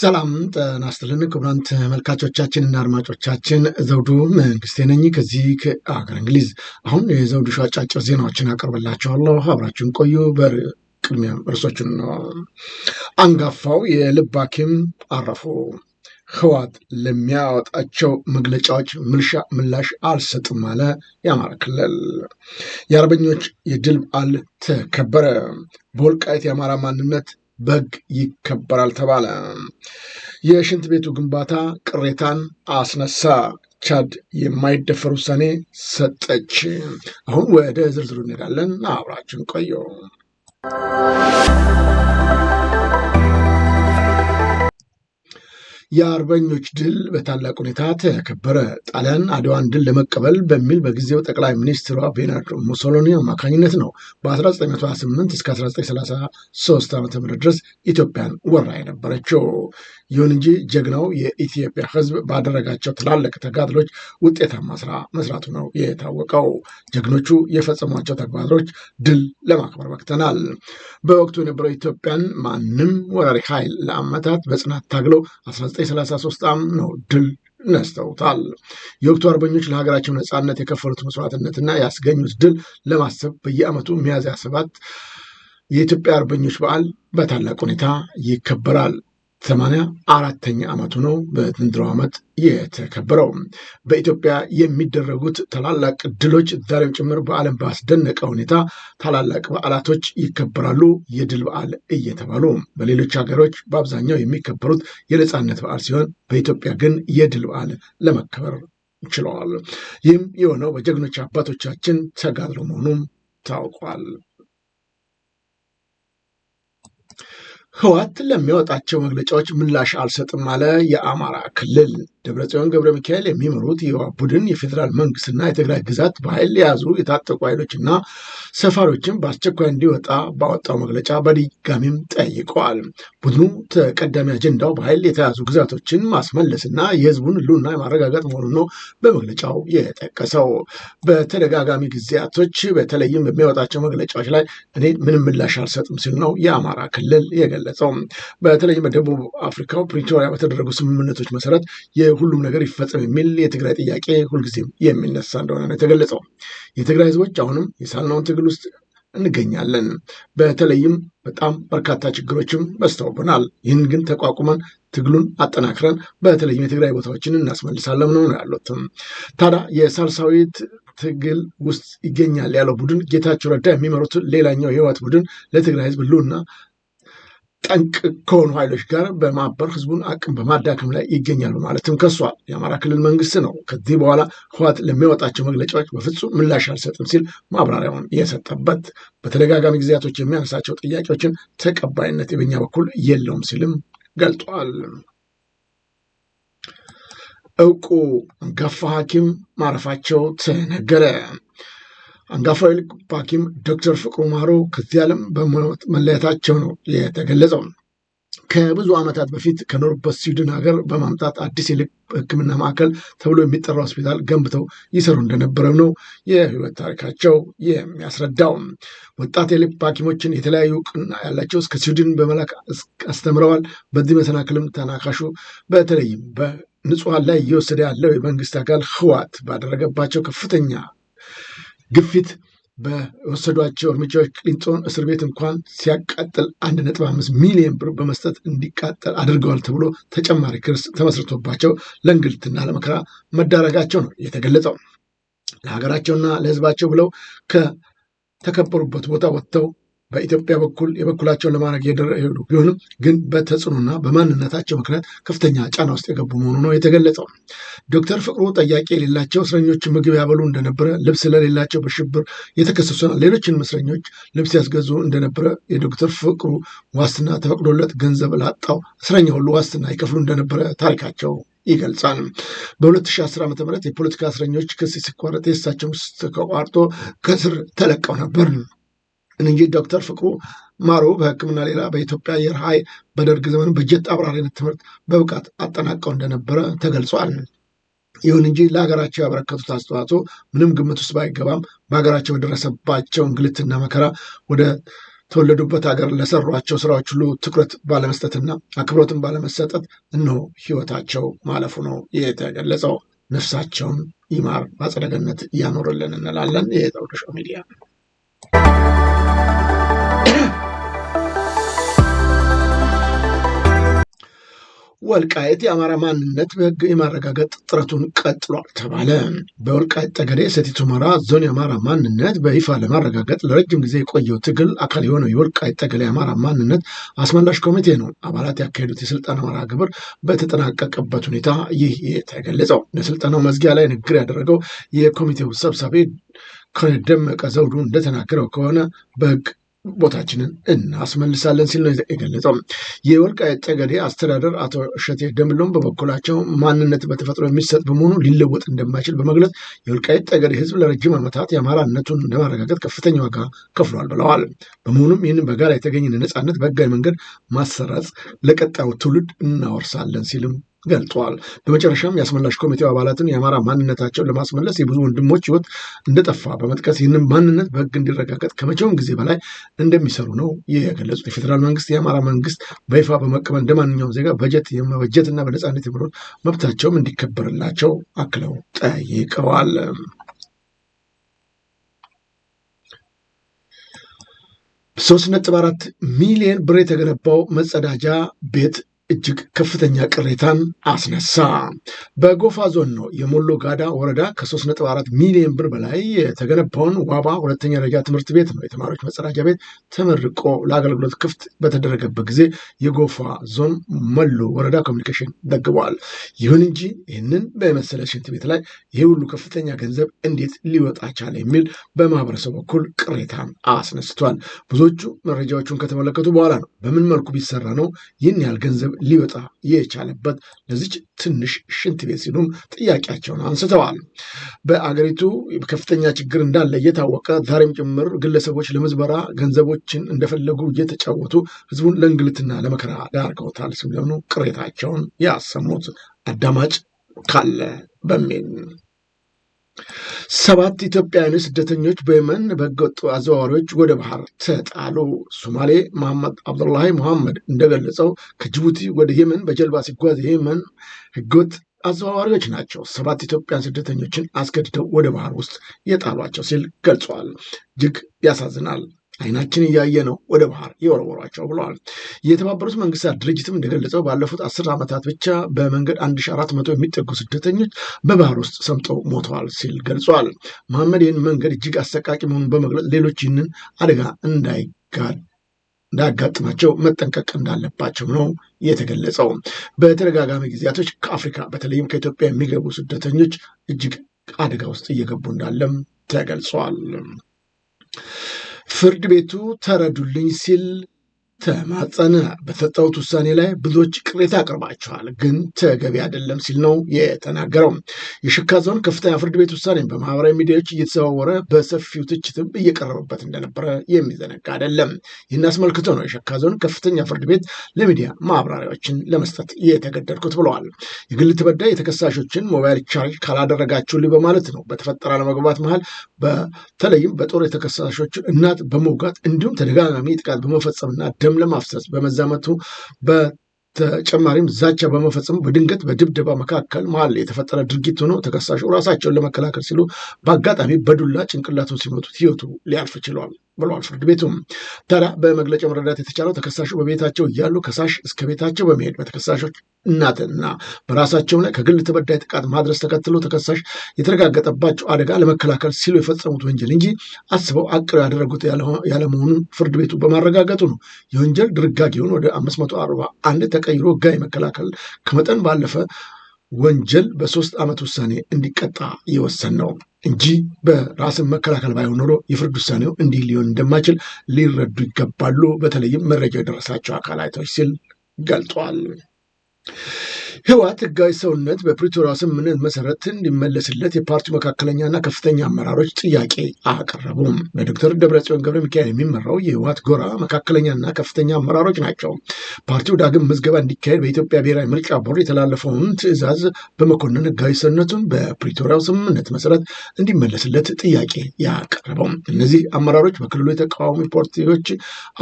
ሰላም ጤና ይስጥልን ክቡራን ተመልካቾቻችንና አድማጮቻችን ዘውዱ መንግስቴ ነኝ ከዚህ ከአገር እንግሊዝ። አሁን የዘውዱ ሾው አጫጭር ዜናዎችን አቀርብላችኋለሁ፣ አብራችሁን ቆዩ። በቅድሚያ ርዕሶቹን ነው። አንጋፋው የልብ ሐኪም አረፉ። ህዋት ለሚያወጣቸው መግለጫዎች ምልሻ ምላሽ አልሰጥም አለ የአማራ ክልል። የአርበኞች የድል በዓል ተከበረ። በወልቃይት የአማራ ማንነት በግ ይከበራል ተባለ። የሽንት ቤቱ ግንባታ ቅሬታን አስነሳ። ቻድ የማይደፈር ውሳኔ ሰጠች። አሁን ወደ ዝርዝሩ እንሄዳለን። አብራችን ቆየው። የአርበኞች ድል በታላቅ ሁኔታ ተከበረ። ጣሊያን አድዋን ድል ለመቀበል በሚል በጊዜው ጠቅላይ ሚኒስትሯ ቤናርዶ ሙሶሎኒ አማካኝነት ነው በ1928 እስከ 1933 ዓ ም ድረስ ኢትዮጵያን ወራ የነበረችው። ይሁን እንጂ ጀግናው የኢትዮጵያ ህዝብ ባደረጋቸው ትላልቅ ተጋድሎች ውጤታማ ስራ መስራቱ ነው የታወቀው። ጀግኖቹ የፈጸሟቸው ተግባሮች ድል ለማክበር በቅተናል። በወቅቱ የነበረው ኢትዮጵያን ማንም ወራሪ ኃይል ለአመታት በጽናት ታግለው 1933 ዓ.ም ነው ድል ነስተውታል። የወቅቱ አርበኞች ለሀገራቸው ነፃነት የከፈሉት መስዋዕትነትና ያስገኙት ድል ለማሰብ በየአመቱ ሚያዝያ ሰባት የኢትዮጵያ አርበኞች በዓል በታላቅ ሁኔታ ይከበራል። ሰማንያ አራተኛ ዓመቱ ነው በዘንድሮ ዓመት የተከበረው። በኢትዮጵያ የሚደረጉት ታላላቅ ድሎች ዛሬም ጭምር በዓለም ባስደነቀ ሁኔታ ታላላቅ በዓላቶች ይከበራሉ፣ የድል በዓል እየተባሉ በሌሎች ሀገሮች በአብዛኛው የሚከበሩት የነፃነት በዓል ሲሆን በኢትዮጵያ ግን የድል በዓል ለመከበር ችለዋል። ይህም የሆነው በጀግኖች አባቶቻችን ተጋድሎ መሆኑም ታውቋል። ህወሓት ለሚያወጣቸው መግለጫዎች ምላሽ አልሰጥም አለ የአማራ ክልል። ደብረጽዮን ገብረ ሚካኤል የሚመሩት የህወሓት ቡድን የፌዴራል መንግስትና የትግራይ ግዛት በኃይል የያዙ የታጠቁ ኃይሎችና ሰፋሪዎችን በአስቸኳይ እንዲወጣ ባወጣው መግለጫ በድጋሚም ጠይቀዋል። ቡድኑ ተቀዳሚ አጀንዳው በኃይል የተያዙ ግዛቶችን ማስመለስና የህዝቡን ህልውና የማረጋገጥ መሆኑን ነው በመግለጫው የጠቀሰው። በተደጋጋሚ ጊዜያቶች በተለይም በሚያወጣቸው መግለጫዎች ላይ እኔ ምንም ምላሽ አልሰጥም ሲል ነው የአማራ ክልል የገለ ገለጸው። በተለይም በደቡብ አፍሪካው ፕሪቶሪያ በተደረጉ ስምምነቶች መሰረት የሁሉም ነገር ይፈጸም የሚል የትግራይ ጥያቄ ሁልጊዜም የሚነሳ እንደሆነ ነው የተገለጸው። የትግራይ ህዝቦች አሁንም የሳልናውን ትግል ውስጥ እንገኛለን። በተለይም በጣም በርካታ ችግሮችም በስተውብናል። ይህን ግን ተቋቁመን ትግሉን አጠናክረን በተለይም የትግራይ ቦታዎችን እናስመልሳለን ነው ያሉት። ታዲያ የሳልሳዊት ትግል ውስጥ ይገኛል ያለው ቡድን ጌታቸው ረዳ የሚመሩት ሌላኛው የህወሓት ቡድን ለትግራይ ህዝብ ህልውና ጠንቅ ከሆኑ ኃይሎች ጋር በማበር ህዝቡን አቅም በማዳከም ላይ ይገኛሉ ማለትም ከሷል። የአማራ ክልል መንግስት ነው ከዚህ በኋላ ህወሓት ለሚያወጣቸው መግለጫዎች በፍጹም ምላሽ አልሰጥም ሲል ማብራሪያውን የሰጠበት በተደጋጋሚ ጊዜያቶች የሚያነሳቸው ጥያቄዎችን ተቀባይነት በኛ በኩል የለውም ሲልም ገልጧል። እውቁ አንጋፋ ሐኪም ማረፋቸው ተነገረ። አንጋፋዊ ልብ ሐኪም ዶክተር ፍቅሩ ማሮ ከዚህ ዓለም በሞት መለየታቸው ነው የተገለጸው። ከብዙ ዓመታት በፊት ከኖሩበት ስዊድን ሀገር በማምጣት አዲስ የልብ ሕክምና ማዕከል ተብሎ የሚጠራ ሆስፒታል ገንብተው ይሰሩ እንደነበረው ነው የህይወት ታሪካቸው የሚያስረዳው። ወጣት የልብ ሐኪሞችን የተለያዩ እውቅና ያላቸው እስከ ስዊድን በመላክ አስተምረዋል። በዚህ መሰናክልም ተናካሹ በተለይም በንጹሐን ላይ እየወሰደ ያለው የመንግስት አካል ህዋት ባደረገባቸው ከፍተኛ ግፊት በወሰዷቸው እርምጃዎች ቂሊንጦን እስር ቤት እንኳን ሲያቃጥል አንድ ነጥብ አምስት ሚሊዮን ብር በመስጠት እንዲቃጠል አድርገዋል ተብሎ ተጨማሪ ክርስ ተመስርቶባቸው ለእንግልትና ለመከራ መዳረጋቸው ነው የተገለጸው። ለሀገራቸውና ለሕዝባቸው ብለው ከተከበሩበት ቦታ ወጥተው በኢትዮጵያ በኩል የበኩላቸውን ለማድረግ የደረዱ ቢሆንም ግን በተጽዕኖና በማንነታቸው ምክንያት ከፍተኛ ጫና ውስጥ የገቡ መሆኑ ነው የተገለጸው። ዶክተር ፍቅሩ ጠያቂ የሌላቸው እስረኞች ምግብ ያበሉ እንደነበረ፣ ልብስ ለሌላቸው በሽብር የተከሰሱና ሌሎችንም እስረኞች ልብስ ያስገዙ እንደነበረ፣ የዶክተር ፍቅሩ ዋስትና ተፈቅዶለት ገንዘብ ላጣው እስረኛ ሁሉ ዋስትና ይከፍሉ እንደነበረ ታሪካቸው ይገልጻል። በ2010 ዓ ም የፖለቲካ እስረኞች ክስ ሲቋረጥ የእሳቸው ተቋርጦ ከእስር ተለቀው ነበር። እንጂ ዶክተር ፍቅሩ ማሮ በሕክምና ሌላ በኢትዮጵያ አየር ኃይል በደርግ ዘመን በጀት አብራሪነት ትምህርት በብቃት አጠናቀው እንደነበረ ተገልጿል። ይሁን እንጂ ለሀገራቸው ያበረከቱት አስተዋጽኦ ምንም ግምት ውስጥ ባይገባም በሀገራቸው የደረሰባቸው እንግልትና መከራ ወደ ተወለዱበት ሀገር ለሰሯቸው ስራዎች ሁሉ ትኩረት ባለመስጠትና አክብሮትን ባለመሰጠት እነሆ ህይወታቸው ማለፉ ነው የተገለጸው። ነፍሳቸውን ይማር፣ በአጸደ ገነት እያኖርልን እንላለን። የዘውዱ ሾው ሚዲያ ወልቃየት የአማራ ማንነት በህግ የማረጋገጥ ጥረቱን ቀጥሏል ተባለ። በወልቃየት ጠገዴ ሰቲት ሁመራ ዞን የአማራ ማንነት በይፋ ለማረጋገጥ ለረጅም ጊዜ የቆየው ትግል አካል የሆነው የወልቃየት ጠገዴ የአማራ ማንነት አስመላሽ ኮሚቴ ነው አባላት ያካሄዱት የስልጠና አማራ ግብር በተጠናቀቀበት ሁኔታ ይህ የተገለጸው። ለስልጠናው መዝጊያ ላይ ንግግር ያደረገው የኮሚቴው ሰብሳቢ ከደመቀ ዘውዱ እንደተናገረው ከሆነ በህግ ቦታችንን እናስመልሳለን ሲል ነው የገለጸው። የወልቃይት ጠገዴ አስተዳደር አቶ እሸቴ ደምሎም በበኩላቸው ማንነት በተፈጥሮ የሚሰጥ በመሆኑ ሊለወጥ እንደማይችል በመግለጽ የወልቃይት ጠገዴ ሕዝብ ለረጅም ዓመታት የአማራነቱን ለማረጋገጥ ከፍተኛ ዋጋ ከፍሏል ብለዋል። በመሆኑም ይህን በጋራ የተገኘን ነፃነት በህጋዊ መንገድ ማሰረጽ ለቀጣዩ ትውልድ እናወርሳለን ሲልም ገልጧል። በመጨረሻም የአስመላሽ ኮሚቴው አባላትን የአማራ ማንነታቸውን ለማስመለስ የብዙ ወንድሞች ህይወት እንደጠፋ በመጥቀስ ይህንን ማንነት በህግ እንዲረጋገጥ ከመቼውም ጊዜ በላይ እንደሚሰሩ ነው ይህ የገለጹት። የፌዴራል መንግስት የአማራ መንግስት በይፋ በመቀበል እንደማንኛውም ዜጋ በጀት የመበጀት እና በነፃነት የመኖር መብታቸውም እንዲከበርላቸው አክለው ጠይቀዋል። ሶስት ነጥብ አራት ሚሊዮን ብር የተገነባው መጸዳጃ ቤት እጅግ ከፍተኛ ቅሬታን አስነሳ። በጎፋ ዞን ነው የሞሎ ጋዳ ወረዳ ከ3.4 ሚሊዮን ብር በላይ የተገነባውን ዋባ ሁለተኛ ደረጃ ትምህርት ቤት ነው የተማሪዎች መጸዳጃ ቤት ተመርቆ ለአገልግሎት ክፍት በተደረገበት ጊዜ የጎፋ ዞን ሞሎ ወረዳ ኮሚኒኬሽን ዘግቧል። ይሁን እንጂ ይህንን በመሰለ ሽንት ቤት ላይ ይህ ሁሉ ከፍተኛ ገንዘብ እንዴት ሊወጣ ቻለ የሚል በማህበረሰቡ በኩል ቅሬታን አስነስቷል። ብዙዎቹ መረጃዎቹን ከተመለከቱ በኋላ ነው በምን መልኩ ቢሰራ ነው ይህን ያህል ገንዘብ ሊወጣ የቻለበት ለዚች ትንሽ ሽንት ቤት ሲሉም ጥያቄያቸውን አንስተዋል። በአገሪቱ ከፍተኛ ችግር እንዳለ እየታወቀ ዛሬም ጭምር ግለሰቦች ለምዝበራ ገንዘቦችን እንደፈለጉ እየተጫወቱ ህዝቡን ለእንግልትና ለመከራ ዳርገውታል ሲሆኑ ቅሬታቸውን ያሰሙት አዳማጭ ካለ በሚል ሰባት ኢትዮጵያውያን ስደተኞች በየመን በህገወጥ አዘዋዋሪዎች ወደ ባህር ተጣሉ። ሶማሌ መሐመድ አብዱላሂ መሐመድ እንደገለጸው ከጅቡቲ ወደ የመን በጀልባ ሲጓዝ የመን ህገወጥ አዘዋዋሪዎች ናቸው ሰባት ኢትዮጵያን ስደተኞችን አስገድደው ወደ ባህር ውስጥ የጣሏቸው ሲል ገልጿል። እጅግ ያሳዝናል። አይናችን እያየ ነው ወደ ባህር የወረወሯቸው ብለዋል። የተባበሩት መንግስታት ድርጅትም እንደገለጸው ባለፉት አስር ዓመታት ብቻ በመንገድ 1400 የሚጠጉ ስደተኞች በባህር ውስጥ ሰምጠው ሞተዋል ሲል ገልጿል። መሐመድ ይህን መንገድ እጅግ አሰቃቂ መሆኑን በመግለጽ ሌሎች ይህንን አደጋ እንዳይጋል እንዳያጋጥማቸው መጠንቀቅ እንዳለባቸው ነው የተገለጸው። በተደጋጋሚ ጊዜያቶች ከአፍሪካ በተለይም ከኢትዮጵያ የሚገቡ ስደተኞች እጅግ አደጋ ውስጥ እየገቡ እንዳለም ተገልጿል። ፍርድ ቤቱ ተረዱልኝ ሲል ተማጸነ። በተሰጠውት ውሳኔ ላይ ብዙዎች ቅሬታ አቅርባችኋል፣ ግን ተገቢ አይደለም ሲል ነው የተናገረው። የሸካ ዞን ከፍተኛ ፍርድ ቤት ውሳኔ በማህበራዊ ሚዲያዎች እየተዘዋወረ በሰፊው ትችትም እየቀረበበት እንደነበረ የሚዘነጋ አይደለም። ይህን አስመልክቶ ነው የሸካ ዞን ከፍተኛ ፍርድ ቤት ለሚዲያ ማብራሪያዎችን ለመስጠት የተገደድኩት ብለዋል። የግል ተበዳይ የተከሳሾችን ሞባይል ቻርጅ ካላደረጋችሁልኝ በማለት ነው በተፈጠረ አለመግባባት መሀል በተለይም በጦር የተከሳሾችን እናት በመውጋት እንዲሁም ተደጋጋሚ ጥቃት በመፈጸምና ደም ለማፍሰስ በመዛመቱ በተጨማሪም ዛቻ በመፈጸሙ በድንገት በድብደባ መካከል መሀል የተፈጠረ ድርጊት ሆኖ ተከሳሹ ራሳቸውን ለመከላከል ሲሉ በአጋጣሚ በዱላ ጭንቅላቱን ሲመቱት ህይወቱ ሊያልፍ ችሏል። ብሏል። ፍርድ ቤቱም ታዲያ በመግለጫው መረዳት የተቻለው ተከሳሹ በቤታቸው እያሉ ከሳሽ እስከ ቤታቸው በመሄድ በተከሳሾች እናትና በራሳቸው ላይ ከግል ተበዳይ ጥቃት ማድረስ ተከትሎ ተከሳሽ የተረጋገጠባቸው አደጋ ለመከላከል ሲሉ የፈጸሙት ወንጀል እንጂ አስበው አቅረው ያደረጉት ያለመሆኑን ፍርድ ቤቱ በማረጋገጡ ነው የወንጀል ድርጋጌውን ወደ 541 ተቀይሮ ሕጋዊ መከላከል ከመጠን ባለፈ ወንጀል በሶስት ዓመት ውሳኔ እንዲቀጣ የወሰን ነው እንጂ በራስን መከላከል ባይሆን ኖሮ የፍርድ ውሳኔው እንዲህ ሊሆን እንደማይችል ሊረዱ ይገባሉ፣ በተለይም መረጃ የደረሳቸው አካላቶች ሲል ገልጿል። ህወሓት ህጋዊ ሰውነት በፕሪቶሪያ ስምምነት መሰረት እንዲመለስለት የፓርቲው መካከለኛና ከፍተኛ አመራሮች ጥያቄ አቀረቡም በዶክተር ደብረጽዮን ገብረ ሚካኤል የሚመራው የህወሓት ጎራ መካከለኛና ከፍተኛ አመራሮች ናቸው። ፓርቲው ዳግም ምዝገባ እንዲካሄድ በኢትዮጵያ ብሔራዊ ምርጫ ቦርድ የተላለፈውን ትዕዛዝ በመኮንን ህጋዊ ሰውነቱን በፕሪቶሪያው ስምምነት መሰረት እንዲመለስለት ጥያቄ ያቀረበው እነዚህ አመራሮች በክልሉ የተቃዋሚ ፓርቲዎች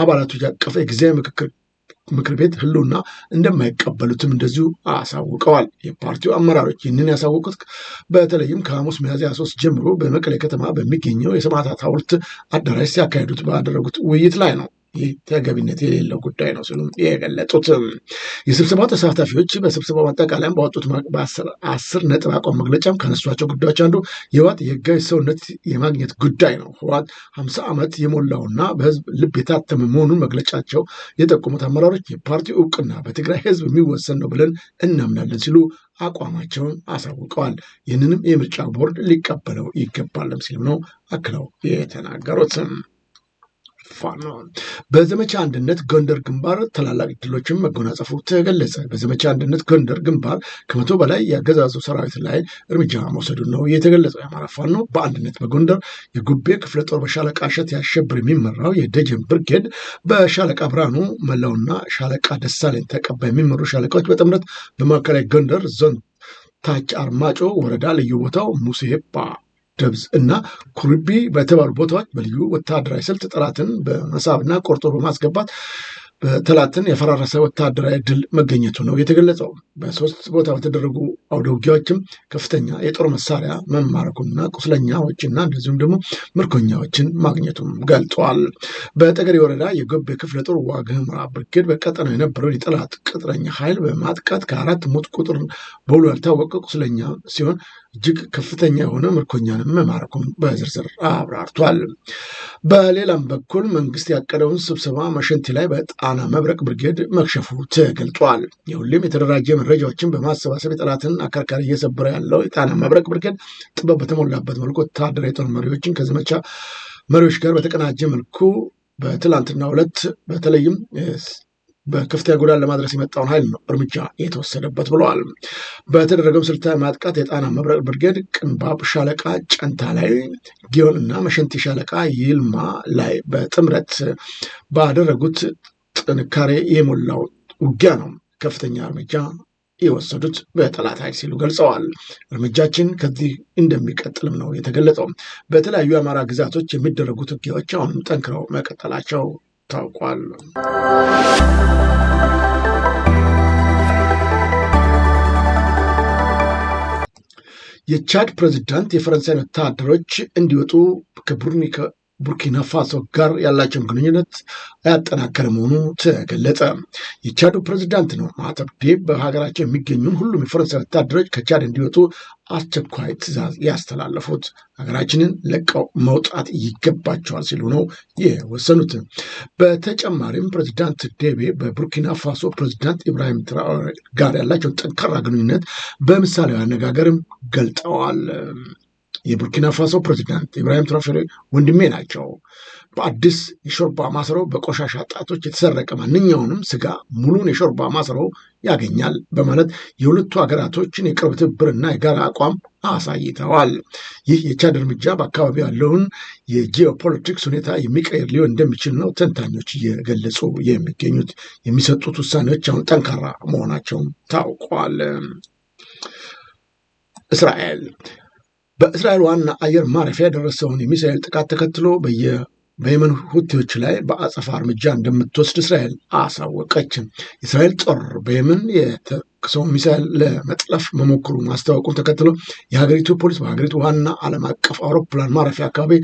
አባላቶች ያቀፈ ጊዜያዊ ምክክር ምክር ቤት ህልውና እንደማይቀበሉትም እንደዚሁ አሳውቀዋል። የፓርቲው አመራሮች ይህንን ያሳወቁት በተለይም ከሐሙስ ሚያዝያ ሶስት ጀምሮ በመቀሌ ከተማ በሚገኘው የሰማዕታት ሐውልት አዳራሽ ሲያካሂዱት ባደረጉት ውይይት ላይ ነው። ይህ ተገቢነት የሌለው ጉዳይ ነው ሲሉ የገለጹት የስብሰባው ተሳታፊዎች በስብሰባው አጠቃላይም በወጡት አስር ነጥብ አቋም መግለጫም ከነሷቸው ጉዳዮች አንዱ የህወሓት የህጋዊ ሰውነት የማግኘት ጉዳይ ነው። ህወሓት ሀምሳ ዓመት የሞላውና በህዝብ ልብ የታተመ መሆኑን መግለጫቸው የጠቆሙት አመራሮች የፓርቲ እውቅና በትግራይ ህዝብ የሚወሰን ነው ብለን እናምናለን ሲሉ አቋማቸውን አሳውቀዋል። ይህንንም የምርጫ ቦርድ ሊቀበለው ይገባልም ሲልም ነው አክለው የተናገሩትም። ፋኖ በዘመቻ አንድነት ጎንደር ግንባር ታላላቅ ድሎችን መጎናጸፉ ተገለጸ። በዘመቻ አንድነት ጎንደር ግንባር ከመቶ በላይ የአገዛዙ ሰራዊት ላይ እርምጃ መውሰዱ ነው የተገለጸው። የአማራ ፋኖ በአንድነት በጎንደር የጉቤ ክፍለ ጦር በሻለቃ እሸት ያሸብር የሚመራው የደጀን ብርጌድ በሻለቃ ብርሃኑ መላውና ሻለቃ ደሳለኝ ተቀባይ የሚመሩ ሻለቃዎች በጥምረት በማዕከላዊ ጎንደር ዞን ታች አርማጮ ወረዳ ልዩ ቦታው ሙሴባ ደብዝ እና ኩርቢ በተባሉ ቦታዎች በልዩ ወታደራዊ ስልት ጠላትን በመሳብና ቆርጦ በማስገባት በተላትን የፈራረሰ ወታደራዊ ድል መገኘቱ ነው የተገለጸው። በሶስት ቦታ በተደረጉ አውደ ውጊያዎችም ከፍተኛ የጦር መሳሪያ መማረኩና ቁስለኛዎችና እንደዚሁም ደግሞ ምርኮኛዎችን ማግኘቱም ገልጠዋል። በጠገሪ ወረዳ የጎቤ ክፍለ ጦር ዋግ ብርጌድ በቀጠነው የነበረውን የጠላት ቅጥረኛ ኃይል በማጥቃት ከአራት ሞት ቁጥር በውሉ ያልታወቀ ቁስለኛ ሲሆን እጅግ ከፍተኛ የሆነ ምርኮኛንም መማረኩም በዝርዝር አብራርቷል። በሌላም በኩል መንግስት ያቀደውን ስብሰባ መሸንቲ ላይ በጣና መብረቅ ብርጌድ መክሸፉ ተገልጧል። የሁሌም የተደራጀ መረጃዎችን በማሰባሰብ የጠላትን አከርካሪ እየሰበረ ያለው የጣና መብረቅ ብርጌድ ጥበብ በተሞላበት መልኩ ወታደራዊ የጦር መሪዎችን ከዘመቻ መሪዎች ጋር በተቀናጀ መልኩ በትላንትና ሁለት በተለይም በከፍተኛ ጉዳት ለማድረስ የመጣውን ኃይል ነው እርምጃ የተወሰደበት ብለዋል። በተደረገው ስልታዊ ማጥቃት የጣና መብረቅ ብርጌድ ቅንባብ ሻለቃ ጨንታ ላይ፣ ጊዮን እና መሸንቲ ሻለቃ ይልማ ላይ በጥምረት ባደረጉት ጥንካሬ የሞላው ውጊያ ነው ከፍተኛ እርምጃ የወሰዱት በጠላት ኃይል ሲሉ ገልጸዋል። እርምጃችን ከዚህ እንደሚቀጥልም ነው የተገለጸው። በተለያዩ የአማራ ግዛቶች የሚደረጉት ውጊያዎች አሁንም ጠንክረው መቀጠላቸው ታውቋል። የቻድ ፕሬዚዳንት የፈረንሳይ ወታደሮች እንዲወጡ ቡርኪና ፋሶ ጋር ያላቸውን ግንኙነት ያጠናከረ መሆኑ ተገለጸ። የቻዱ ፕሬዚዳንት ነው ማህተብ በሀገራቸው የሚገኙም ሁሉም የፈረንሳይ ወታደሮች ከቻድ እንዲወጡ አስቸኳይ ትዕዛዝ ያስተላለፉት ሀገራችንን ለቀው መውጣት ይገባቸዋል ሲሉ ነው የወሰኑት። በተጨማሪም ፕሬዚዳንት ዴቤ በቡርኪና ፋሶ ፕሬዚዳንት ኢብራሂም ትራኦሬ ጋር ያላቸውን ጠንካራ ግንኙነት በምሳሌ አነጋገርም ገልጠዋል። የቡርኪና ፋሶ ፕሬዚዳንት ኢብራሂም ትራኦሬ ወንድሜ ናቸው በአዲስ የሾርባ ማሰሮ በቆሻሻ ጣቶች የተሰረቀ ማንኛውንም ስጋ ሙሉን የሾርባ ማሰሮ ያገኛል በማለት የሁለቱ ሀገራቶችን የቅርብ ትብብርና የጋራ አቋም አሳይተዋል። ይህ የቻድ እርምጃ በአካባቢው ያለውን የጂኦፖለቲክስ ሁኔታ የሚቀይር ሊሆን እንደሚችል ነው ተንታኞች እየገለጹ የሚገኙት። የሚሰጡት ውሳኔዎች አሁን ጠንካራ መሆናቸውም ታውቋል። እስራኤል በእስራኤል ዋና አየር ማረፊያ የደረሰውን የሚሳኤል ጥቃት ተከትሎ በየ በየመን ሁቲዎች ላይ በአጸፋ እርምጃ እንደምትወስድ እስራኤል አሳወቀችም እስራኤል ጦር በየመን የተከሰው ሚሳይል ለመጥለፍ መሞክሩ ማስታወቁን ተከትሎ የሀገሪቱ ፖሊስ በሀገሪቱ ዋና ዓለም አቀፍ አውሮፕላን ማረፊያ አካባቢ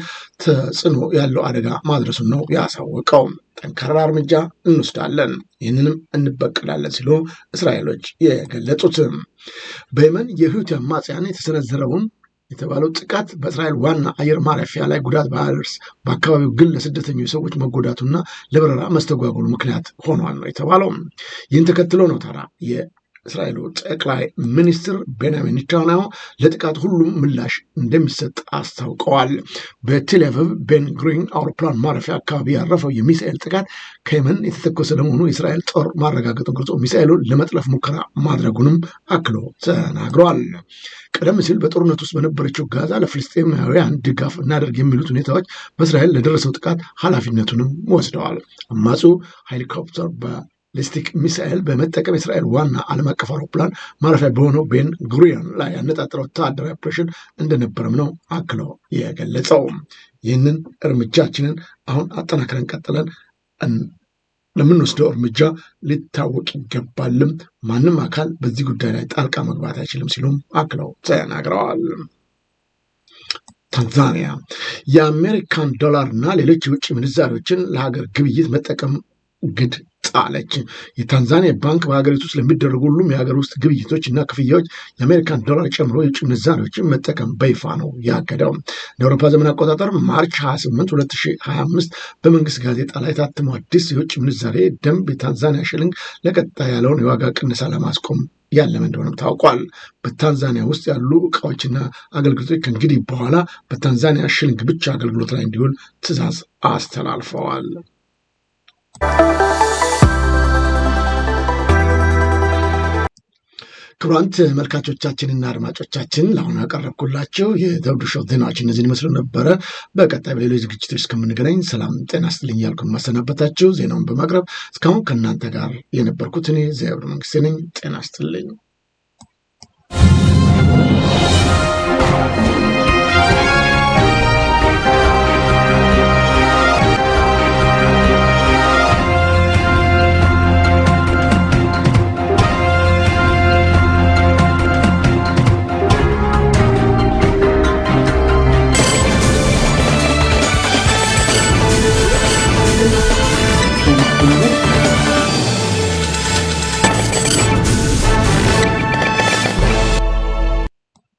ተጽዕኖ ያለው አደጋ ማድረሱን ነው ያሳወቀው። ጠንካራ እርምጃ እንወስዳለን፣ ይህንንም እንበቀላለን ሲሉ እስራኤሎች የገለጹት በየመን የሁቲ አማጽያን የተሰነዘረውን የተባለው ጥቃት በእስራኤል ዋና አየር ማረፊያ ላይ ጉዳት ባያደርስ በአካባቢው ግን ለስደተኞች ሰዎች መጎዳቱና ለበረራ መስተጓጎሉ ምክንያት ሆኗል ነው የተባለው። ይህን ተከትሎ ነው ታዲያ እስራኤሉ ጠቅላይ ሚኒስትር ቤንያሚን ኔታንያሁ ለጥቃት ሁሉም ምላሽ እንደሚሰጥ አስታውቀዋል። በቴል አቪቭ ቤን ጉሪዮን አውሮፕላን ማረፊያ አካባቢ ያረፈው የሚሳኤል ጥቃት ከየመን የተተኮሰ ለመሆኑ የእስራኤል ጦር ማረጋገጡን ገልጾ ሚሳኤሉን ለመጥለፍ ሙከራ ማድረጉንም አክሎ ተናግረዋል። ቀደም ሲል በጦርነት ውስጥ በነበረችው ጋዛ ለፍልስጤማውያን ድጋፍ እናደርግ የሚሉት ሁኔታዎች በእስራኤል ለደረሰው ጥቃት ኃላፊነቱንም ወስደዋል። አማጺው ሄሊኮፕተር ሊስቲክ ሚሳኤል በመጠቀም የእስራኤል ዋና ዓለም አቀፍ አውሮፕላን ማረፊያ በሆነው ቤን ጉሪዮን ላይ ያነጣጠረ ወታደራዊ ኦፕሬሽን እንደነበረም ነው አክሎ የገለጸው። ይህንን እርምጃችንን አሁን አጠናክረን ቀጥለን ለምንወስደው እርምጃ ሊታወቅ ይገባልም። ማንም አካል በዚህ ጉዳይ ላይ ጣልቃ መግባት አይችልም ሲሉም አክለው ተናግረዋል። ታንዛኒያ የአሜሪካን ዶላርና ሌሎች የውጭ ምንዛሪዎችን ለሀገር ግብይት መጠቀም ግድ ጣለች። የታንዛኒያ ባንክ በሀገሪቱ ውስጥ ለሚደረጉ ሁሉም የሀገር ውስጥ ግብይቶች እና ክፍያዎች የአሜሪካን ዶላር ጨምሮ የውጭ ምንዛሪዎችን መጠቀም በይፋ ነው ያገደው። እንደ አውሮፓ ዘመን አቆጣጠር ማርች 28 2025 በመንግስት ጋዜጣ ላይ ታትሞ አዲስ የውጭ ምንዛሬ ደንብ የታንዛኒያ ሽልንግ ለቀጣ ያለውን የዋጋ ቅነሳ ለማስቆም ያለም እንደሆነም ታውቋል። በታንዛኒያ ውስጥ ያሉ እቃዎችና አገልግሎቶች ከእንግዲህ በኋላ በታንዛኒያ ሽልንግ ብቻ አገልግሎት ላይ እንዲሆን ትዕዛዝ አስተላልፈዋል። ክቡራን ተመልካቾቻችንና አድማጮቻችን ለአሁኑ ያቀረብኩላቸው የዘውዱ ሾው ዜናዎች እነዚህን ይመስሉ ነበረ። በቀጣይ በሌሎች ዝግጅቶች እስከምንገናኝ ሰላም ጤና ይስጥልኝ እያልኩ የማሰናበታችሁ ዜናውን በማቅረብ እስካሁን ከእናንተ ጋር የነበርኩት እኔ ዘውዱ መንግስቴ ነኝ። ጤና ይስጥልኝ።